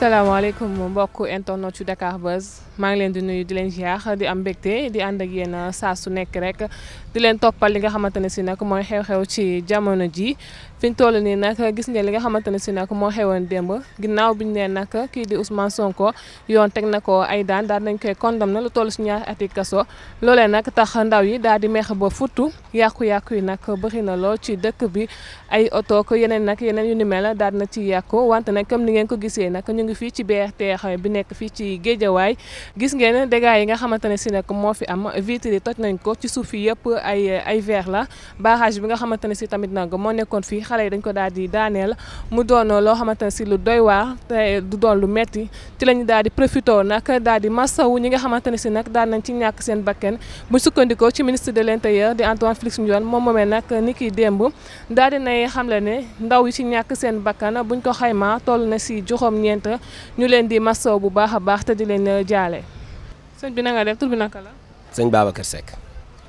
salaamaaleykum mbokk internet yu Dakar Buzz maa ngi leen di nuyu di leen ziar di am mbégte di ànd ak yéen saa su nekk rek di leen toppal li nga xamante ne si nag mooy xew-xew ci jamono ji fiñ toll nii nag gis ngeen li nga xamante ne si nag moo xewoon démb ginnaaw biñ ne nag kii di Ousmane Sonko yoon teg na ko ay daan daal nañ koy condamné lu toll si ñaar ati loolee nag tax ndaw yi daal di meex ba futtu yàqu-yàqu yi nag bëri na lool ci dëkk bi ay oto yeneen nag yeneen yu ni mel daal na ci yàqu wante nag comme ni ngeen ko gisee nag ñu ngi fii ci BRT bi nekk fii ci Géejawaay gis ngeen dégâts yi nga xamante ne si nag moo fi am vitres yi toj nañ ko ci suuf yi yëpp ay ay verre la barrage bi nga xamante ne si tamit nag moo nekkoon fii xale yi dañ ko daal di daaneel mu doon loo xamante ne si lu doy waa te du doon lu metti ci lañu daal di profité nag daal di masawu ñi nga xamante ne si nag daal nañ ci ñàkk seen bakken bu sukkandikoo ci ministre de l' di Antoine Félix Ndione moom moomee nag ni kiy démb daal di nay xamle ne ndaw yi ci ñàkk seen bakkan buñ ko xaymaa toll na si juróom-ñeent ñu leen di masaw bu baax a baax te di leen jaale. sëñ bi na nga def tur bi naka la. sëñ Babacar Seck.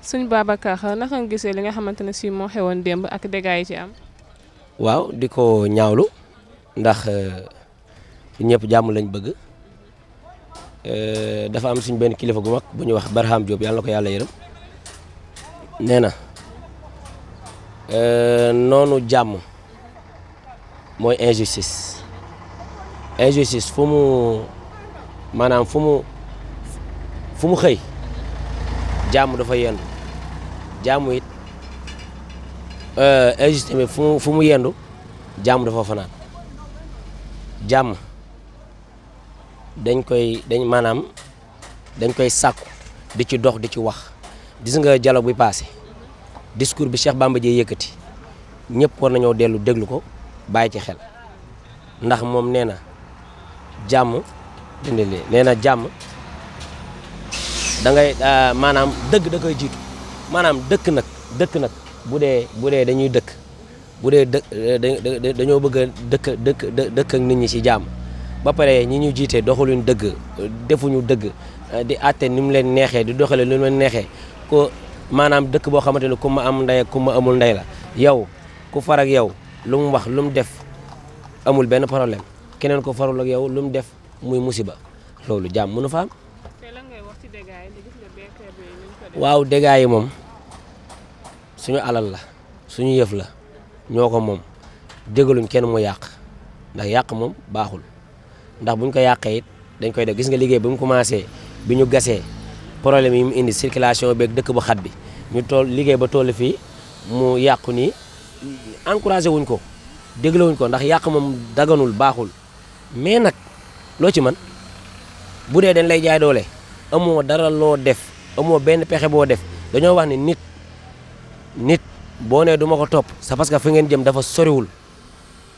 sëñ Babacar naka nga gisee li nga xamante ne si moo xewoon démb ak dégâts yi ci am. waaw di ko ñaawlu ndax euh, ñëpp jàmm lañ bëgg euh, dafa am suñ benn kilifa gu mag bu ñuy wax Barham Diop yàlla ko yàlla yërëm nee na euh, noonu jàmm mooy injustice injustice fu mu maanaam fu mu fu mu xëy jàmm dafa yendu jàmm it Aziz euh, tamit fu mu fu mu yendu jàmm dafa fanaan jàmm dañ koy dañ maanaam dañ koy sàkk di ci dox di ci wax gis nga dialogue bi passé discours bi Cheikh Bamba Dièye yëkkati ñëpp war nañoo dellu déglu ko bàyyi ci xel ndax moom nee na jàmm dindili nee na jàmm da euh, maanaam dëgg da jiitu maanaam dëkk nag dëkk nag bu dee bu dee dañuy dëkk bu dee dañoo bëgg dëkk dëkk dëkk ak nit ñi ci jàmm ba pare ñi ñuy jiite doxaluñ dëgg defuñu dëgg eh, di àtte ni mu leen neexee di doxalee ni mu leen neexee ko maanaam dëkk boo xamante ne ku am ndey ku ma amul ndey la yow ku far ak yow lu wax lu mu def amul benn problème keneen ko farul ak yow lu def muy musiba loolu jàmm mënu fa waaw dégâts moom. suñu alal la suñu yëf la ñoo ko moom dégaluñ kenn mu yàq ndax yàq moom baaxul ndax buñ ko yàqee it dañ koy def gis nga liggéey bi mu commencé bi ñu gasee problème yi mu indi circulation beeg dëkk bu xat bi ñu tool liggéey ba toll fii mu yàqu nii encouragé wuñ ko déglawuñ ko ndax yàq moom daganul baaxul mais nag loo ci man bu dee dañ lay jaay doole amoo dara loo def amoo benn pexe boo def dañoo wax ni nit nit boo nee duma ko topp sa parce que fi ngeen jëm dafa soriwul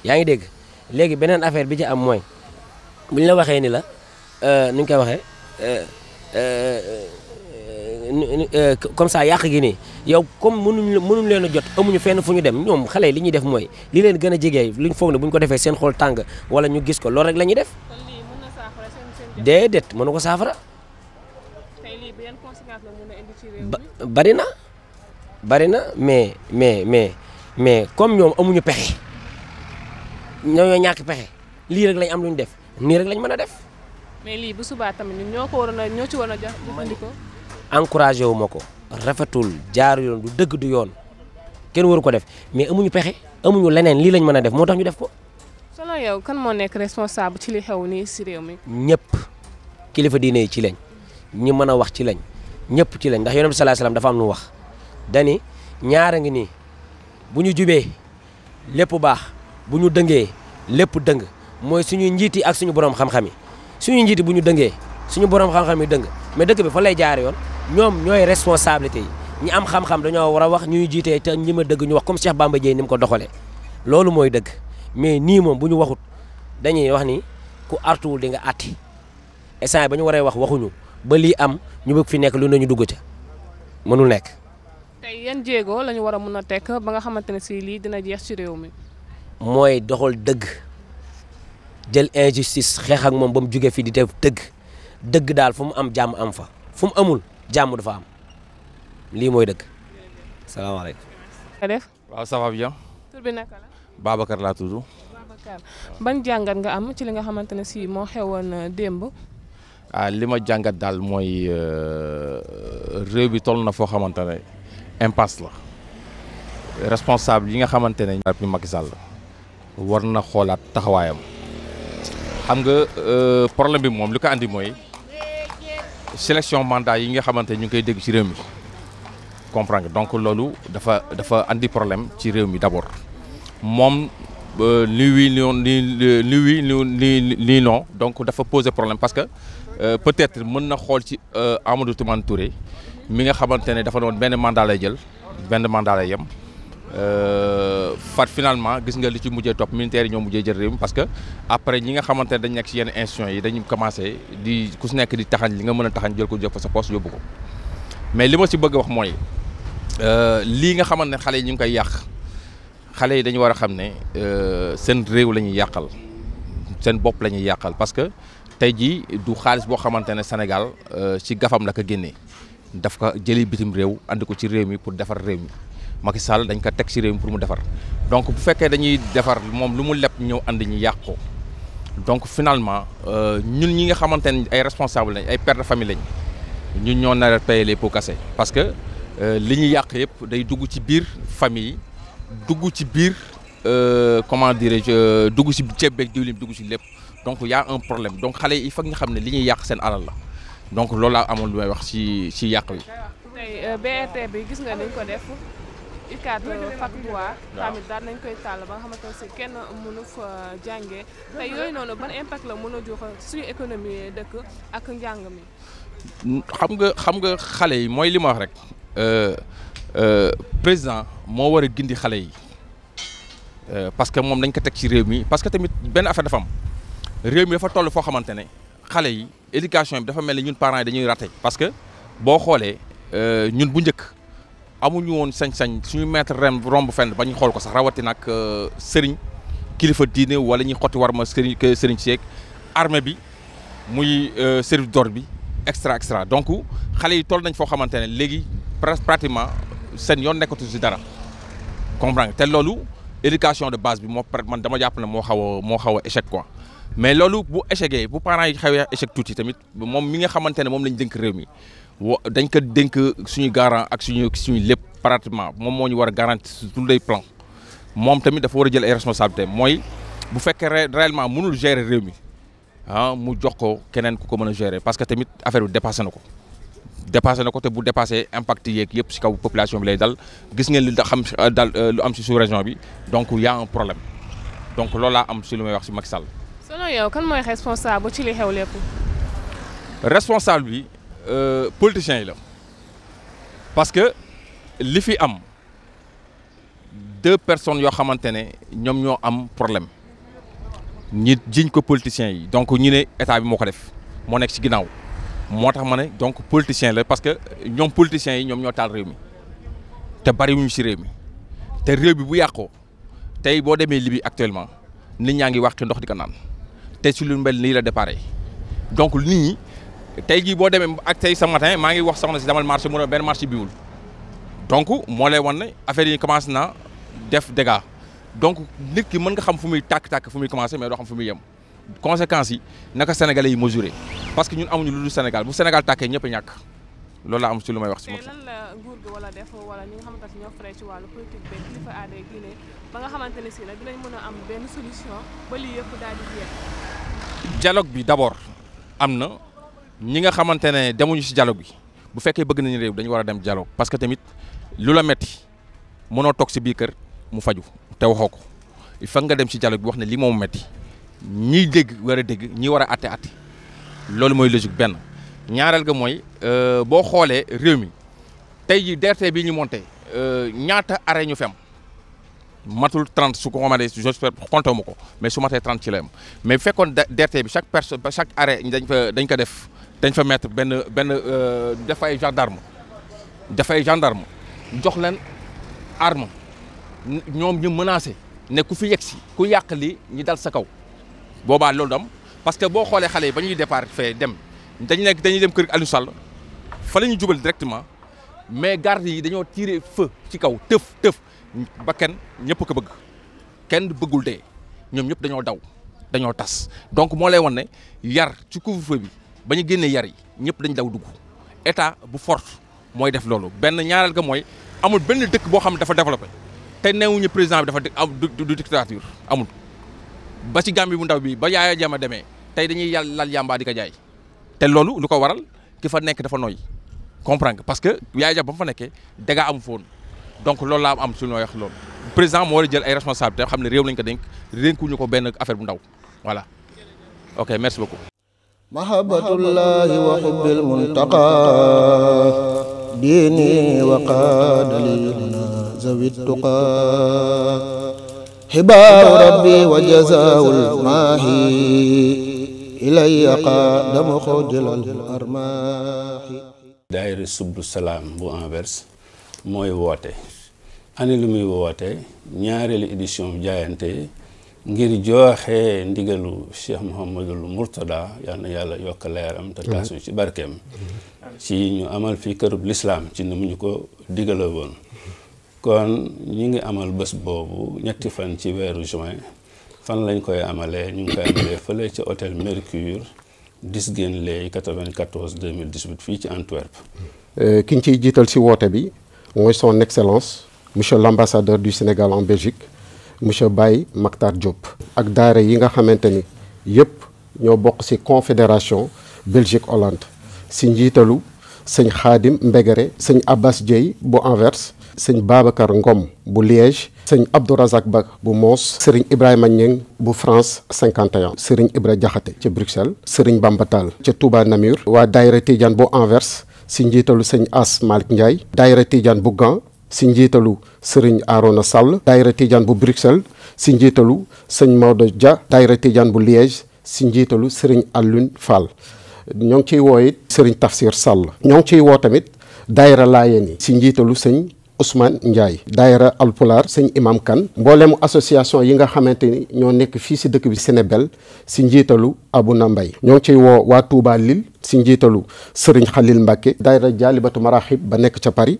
yaa ngi dégg léegi beneen affaire bi ci am mooy bu ñu la waxee ni la euh, nu ñu koy waxee euh, euh, comme ça yàq gi nii yow comme mënuñ mënuñ leen a jot amuñu fenn fu ñu dem ñoom xale yi li ñuy def mooy li leen gën a li luñ foog ne bu ñu ko defee seen xol tàng wala ñu gis ko loolu rek la ñuy def. déedéet mënu ko saafara. tey bari na. bari na mais mais mais mais comme ñoom amuñu pexe ñoo ñoo pexe lii rek lañ am lu ñu def nii rek lañ mën a def. mais lii bu subaa tamit ñoo ko waroon a ñoo ci waroon a jox jëfandikoo. encouragé wu ma ko rafetul jaar yoon du dëgg du yoon kenn waru ko def mais amuñu pexe amuñu leneen lii lañ mën a def moo tax ñu def ko. solo yow kan moo nekk responsable ci li xew nii si réew mi. ñëpp kilifa diine yi ci lañ ñi mën a wax ci lañ ñëpp ci lañ ndax yonent bi sallallahu alayhi dafa am lu wax. dani ñaara ngi nii bu ñu jubee lépp baax bu ñu dëngee lépp dëng mooy suñu njiit yi ak suñu borom xam-xam yi suñu njiit yi bu ñu dëngee suñu borom xam-xam yi dëng mais dëkk bi fa lay jaar yoon ñoom ñooy responsabilité yi am xam dañoo war a wax ñuy jiitee te ñi ma dëgg ñu wax comme Cheikh Bamba Dièye ni mu ko doxalee loolu mooy dëgg mais nii moom bu ñu waxut dañuy wax ni ku artuwul di nga atti instant ba ñu waree wax waxuñu ba lii am ñu bëgg fi nekk lu ne ñu dugg ca mënul nekk. tey yan jéego lañu ñu war a mën a tekk ba nga xamante ne si lii dina jeex ci réew mi. mooy doxal dëgg jël injustice xeexak moom ba mu jugee fii di def dëgg dëgg daal fu mu am jàmm am fa fu mu amul jàmm dafa am lii mooy dëgg salaamaaleykum. nga def waaw laa tudd. ban jàngat nga am ci li nga xamante ne si moo xewoon euh, démb. ah li ma jàngat daal mooy euh, réew bi toll na foo xamante ne. impasse la responsable yi nga xamante ne ñoom Macky Sall war na xoolaat taxawaayam xam nga euh, problème bi moom li ko andi mooy sélection mandat yi nga xamante ñu ngi koy dégg ci réew mi comprendre nga donc loolu dafa dafa indi problème ci réew mi d'abord moom euh, ni oui ni ni oui ni ni donc dafa poser problème parce que euh, peut-être mën na xool ci Amadou Toumane Touré. mi nga xamante ne dafa doon benn mandat lay jël benn mandat lay yem euh, fat finalement gis nga li ci mujjee topp militaire yi ñoo mujjee jël réew mi parce que après ñi nga xamante ne dañ nekk ci yenn institutions yi dañu commencé di ku si nekk di taxañ li nga mën a taxañ jël ko jël fa sa poste yóbbu ko mais li ma si bëgg wax mooy euh, lii nga xamante ne xale yi ñu ngi koy yàq xale yi dañu war a xam ne euh, seen réew la ñuy yàqal seen bopp la ñuy yàqal parce que tey jii du xaalis boo xamante ne Sénégal ci gafam la ko génnee. daf ko jëli bitim réew andi ko ci réew mi pour defar réew mi Macky Sall dañ ko teg ci réew mi pour mu defar donc bu fekkee dañuy defar moom lu mu leb ñëw andi ñu yàq ko donc finalement euh, ñun ñi nga xamante ne ay responsable ay père de famille ñoo nar a payer les pots cassés parce que euh, li ñuy yàq yëpp day dugg ci biir famille yi dugg ci biir euh, comment dirais-je dugg ci ceeb beeg diwlin dugg ci lépp donc y un problème donc xale yi il faut ñu xam ne li ñuy yàq seen alal la. donc loolu laa amoon lu may wax ci ci yàq wi. tey euh, BRT bi gis nga ni ñu ko def UCAD euh, fac droit tamit daal nañ koy tàll ba nga xamante ne si kenn mënu fa jàngee tey yooyu noonu ban impact la mën a jox suñu économie dëkk ak njàng mi. xam nga xam nga xale yi mooy li ma wax rek euh, président moo war a gindi xale yi parce que moom dañ ko teg ci réew mi parce que tamit benn affaire dafa am réew mi dafa toll foo xamante ne. xale yi éducation bi dafa mel ni ñun parent yi dañuy raté parce que boo xoolee euh, ñun bu njëkk amuñu woon sañ-sañ suñu maître ren romb fenn ba ñu xool ko sax rawati nag euh, sëriñ kilifa diine wala ñuy xotti war ma sëriñ sëriñ Seeg armée bi muy euh, service d'ordre bi extra extra donc xale yi toll nañ foo xamante ne léegi pratiquement seen yoon nekkatu si dara comprendre te loolu éducation de base bi moo man dama jàpp na moo xaw a moo xaw échec quoi mais loolu bu échecgee bu parents yi xawee échec tuuti tamit moom mi nga xamante ne moom lañ dénk réew mi dañ ko dénk suñu garant ak suñu suñu lépp pratiquement moom moo ñu war a garanti sur tous moom tamit dafa war a jël ay responsabilités mooy bu fekkee réellement munul gérer réew mi ah mu jox ko keneen ku ko mën a gérer parce que tamit affaire bi dépassé na ko dépassé na ko te bu dépassé impact yeeg yëpp si kaw population bi lay dal gis ngeen li da xam dal euh, lu am si sous région bi donc y a problème donc loolu laa am si lu may wax si Macky selon yow kan mooy responsable ci li xew lépp. responsable bi euh, politicien yi la parce que li fi am deux personnes yoo xamante ne ñoom ñoo am problème ñi jiñ ko politicien yi donc ñu ne état bi moo ko def moo nekk ci ginnaaw moo tax ma ne donc politicien la parce que ñoom politiciens yi ñoom ñoo taal réew mi te bariwuñu ci réew mi te réew bi bu yàqoo tey boo demee libi actuellement nit ñaa ngi wax ci ndox di ko naan. te si lu mel nii la départ donc nii tey jii boo demee ak tey sa matin maa ngi wax soxna si damal marché mu ne benn marché biwul donc moo lay wane ne yi commencé na def dégâts donc nit ki man nga xam fu muy tàkk-tàkk fu muy commencé mais doo xam fu muy yem conséquences yi naka sénégalais yi mesurer parce que ñun amuñu lu dul Sénégal bu Sénégal tàkkee ñëpp ñàkk. loolu laa am ci lu may wax ci moom. ba nga xamante si nag dinañ mën a am benn solution ba lii yëpp daal di jeex. dialogue bi d'abord am na ñi nga xamante ne demuñu ci dialogue bi bu fekkee bëgg nañu réew dañu war a dem dialogue parce que tamit lu la metti mënoo toog ci biir kër mu faju te waxoo ko il nga dem ci dialogue bi wax ne lii moom metti ñiy dégg war a dégg ñi war a àtte àtte loolu mooy logique benn. ñaareel ga mooy euh, boo xoolee réew mi tey ji DRT bi ñu monté euh, ñaata arrêt ñu fi am matul 30 su ko xamante j'espère compté ma ko mais su matee 30 ci mais fekkoon DRT bi chaque personne chaque arrêt dañ fa dañ ko def dañ fa mettre benn benn euh, def ay gendarme def ay gendarme jox leen arme ñoom ñu menacé ne ku fi yegg si ku yàq li ñu dal sa kaw boobaa loolu dam parce que boo xoolee xale yi ba ñuy départ fee dem dañ nekk dañuy dem kër Aliou Sall fa la ñu jubal directement mais garde yi dañoo tiré feu ci kaw tëf tëf ba kenn ñëpp ko bëgg kenn bëggul de ñoom ñëpp dañoo daw dañoo tas donc moo lay wan ne yar ci couvre-feu bi ba ñu génnee yar yi ñëpp dañu daw dugg état bu fort mooy def loolu benn ñaareel ga mooy amul benn dëkk boo xam dafa développé te newuñu président bi dafa du dictature amul ba ci Gambie bu ndaw bi ba Yaya jama demee tey dañuy yàlla lal yàmbaa di ko jaay te loolu lu ko waral ki fa nekk dafa nooy comprendre parce que yaay jàpp ba mu fa nekkee dégâts amu foon donc loolu laa am su ñoo wax loolu président moo war a jël ay responsabilités xam ne réew lañ ko denk dénk ñu ko benn affaire bu ndaw voilà ok merci beaucoup mahabbatullahi wa hubbil muntaqa diini wa qaadalina zawit tuqa xibaaru rabbi wa jazaawul maahi ilay dama ko jëlal armaaxi daayira subdu salaam bu Anvers mooy woote année lu muy woote ñaareelu édition jaayante ngir joxe ndigalu Cheikh Mouhamadul Mourtada yal na yàlla yokk leeram te taasu ci barkeem ci ñu amal fi kërub lislaam ci ni mu ñu ko digale woon kon ñi ngi amal bés boobu ñetti fan ci weeru juin fan lañ koy amalee ñu ngi koy amalee fële ci hôtel Mercure Disgen Lay 94 2018 fii ci Antwerp. Euh, ki ñu ciy jiital si woote bi mooy son excellence monsieur l'ambassadeur du Sénégal en Belgique monsieur Baye Maktar Diop. ak daara yi nga xamante ni yëpp ñoo bokk si confédération Belgique Hollande si njiitalu sëñ Khadim Mbegere sëñ Abbas Dieye bu Anvers. sëñ Babacar Ngom bu liege sëñ Abdou Razak Ba bu Moos sëriñ Ibrahima Niang bu France 51 sëriñ Ibra Jaxate ca Bruxelles sëriñ Bambatal ca Touba Namur waa daayira Tidiane bu Anvers si njiitalu sëñ As Malick Ndiaye daayira Tidiane bu Gand si njiitalu sëriñ Arona Sall daayira Tidiane bu Bruxelles si njiitalu sëñ Maodo Dia daayira bu Liège si njiitalu sëriñ Alioune Fall ñoo ngi ciy woo it sëriñ Tafsir Sall ñoo ngi ciy woo tamit daayira Laayeen yi si njiitalu sëñ Ousmane Ndiaye daayira Alpulaar sëñ Imam Kan mboolemu association yi nga xamante ni ñoo nekk fii si dëkk bi Sénébel si njiitalu Abuna Mbay ñoo ngi ciy woo waa Touba si njiitalu Sëriñ Xalil Mbàkke daayira Jaalibatu Maraaxib ba nekk ca Paris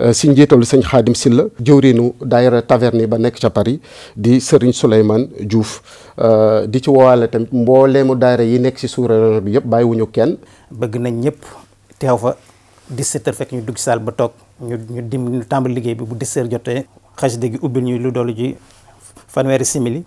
euh, si njiitalu sëñ Xaadim Silla jëwriinu daayira Taverni ba nekk ca Paris di Sëriñ Souleymane Diouf euh, di ci woowaale tamit mbooleemu daayira yi nekk ci sous-région bi yëpp bàyyiwuñu kenn bëgg nañ ñëpp teew fa 17 heures fekk ñu dugg saal ba toog ñu ñu dim ñu tàmbali liggéey bi bu 17 heures jotee xasida gi ubbil ñu lu doolu ji fanweeri simili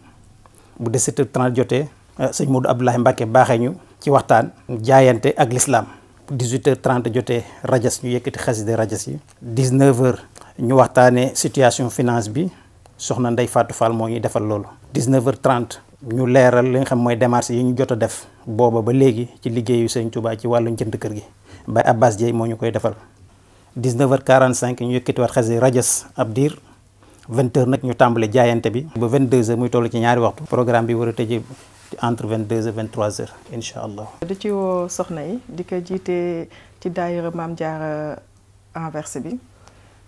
bu 17 heures 30 jotee euh, sëñ Modou Abdoulaye Mbacke baaxee ñu ci waxtaan jaayante ak l'islam bu 18 heures 30 jotee rajas ñu yëkkati xasida rajas yi 19 heures ñu waxtaanee situation finance bi soxna Ndeye Fatou Fall moo ñuy defal loolu 19 heures 30 ñu leeral li xam mooy démarches yi ñu jot a def booba ba léegi ci liggéeyu sëñ Touba ci wàllu njënd kër gi Baye Abbas Dieye moo ñu koy defal 19h45 ñu yëkkatiwaat xasida rajas ab diir 20h nag ñu tàmbali jaayante bi ba 22h muy toll ci ñaari waxtu programme bi war a tëjee entre 22h 23h incha allah. di ci woo soxna yi di ko jiite ci daayira Maam Jaara Anvers bi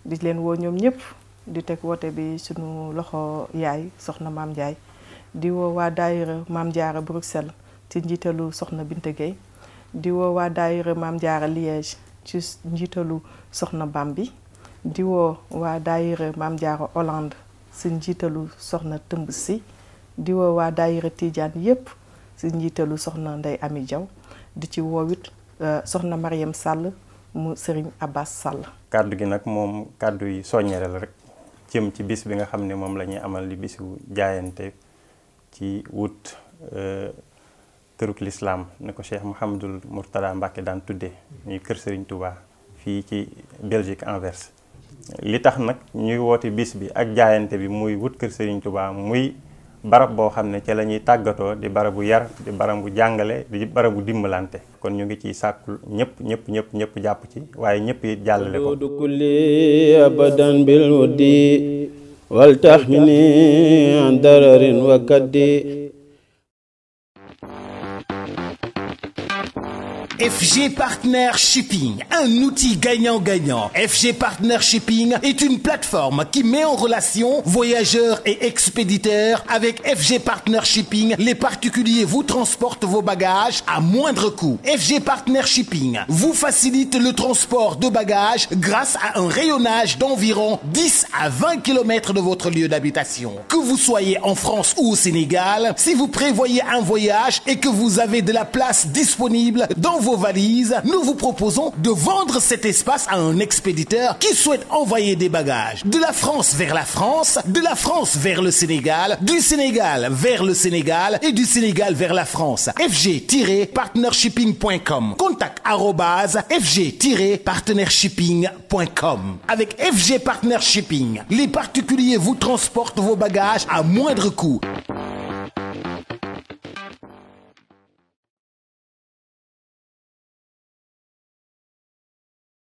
di leen woo ñoom ñëpp di teg woote bi suñu loxo yaay soxna Maam Ndiaye di woo waa daayira Maam Jaara Bruxelles ci njiitalu soxna Binta Gueye di woo waa daayira Maam Jaara liege ci njiitalu Soxna baam bi diwoo waa daayira Maam Jaara Hollande si njiitalu Soxna Tëmb si di woo waa daayira Tidiane yépp si njiitalu Soxna Ndey Ami Jaw di ci woowit euh, Soxna Mariam sàll mu Serigne Abbas Sall kàddu gi nag moom kàddu yi soññere la rek jëm ci bis bi nga xam ne moom lañuy amal li bisu jaayante ci wut tëruk lislaam ne ko Cheikh Mouhamadul Mourtada Mbacke daan tuddee ñuy kër Serigne Touba fii ci Belgique Anvers li tax nag ñuy wooti bis bi ak jaayante bi muy wut kër Serigne Touba muy barab boo xam ne ca la ñuy tàggatoo di barabu yar di barabu jàngale di barabu dimbalante kon ñu ngi ciy sàkkul ñëpp ñëpp ñëpp ñëpp jàpp ci waaye ñëpp it jàllale ko du mi ni dararin wakkat di FG Partner Shipping, un outil gagnant-gagnant. FG Partner Shipping est une plateforme qui met en relation voyageurs et expéditeurs. Avec FG Partner Shipping, les particuliers vous transportent vos bagages à moindre coût. FG Partner Shipping vous facilite le transport de bagages grâce à un rayonnage d'environ 10 à 20 km de votre lieu d'habitation. Que vous soyez en France ou au Sénégal, si vous prévoyez un voyage et que vous avez de la place disponible vos valises, nous vous proposons de vendre cet espace à un expéditeur qui souhaite envoyer des bagages de la France vers la France, de la France vers le Sénégal, du Sénégal vers le Sénégal et du Sénégal vers la France. fg-partnershipping.com. Contact arobase fg-partnershipping.com. Avec FG Partnershipping, les particuliers vous transportent vos bagages à moindre coût.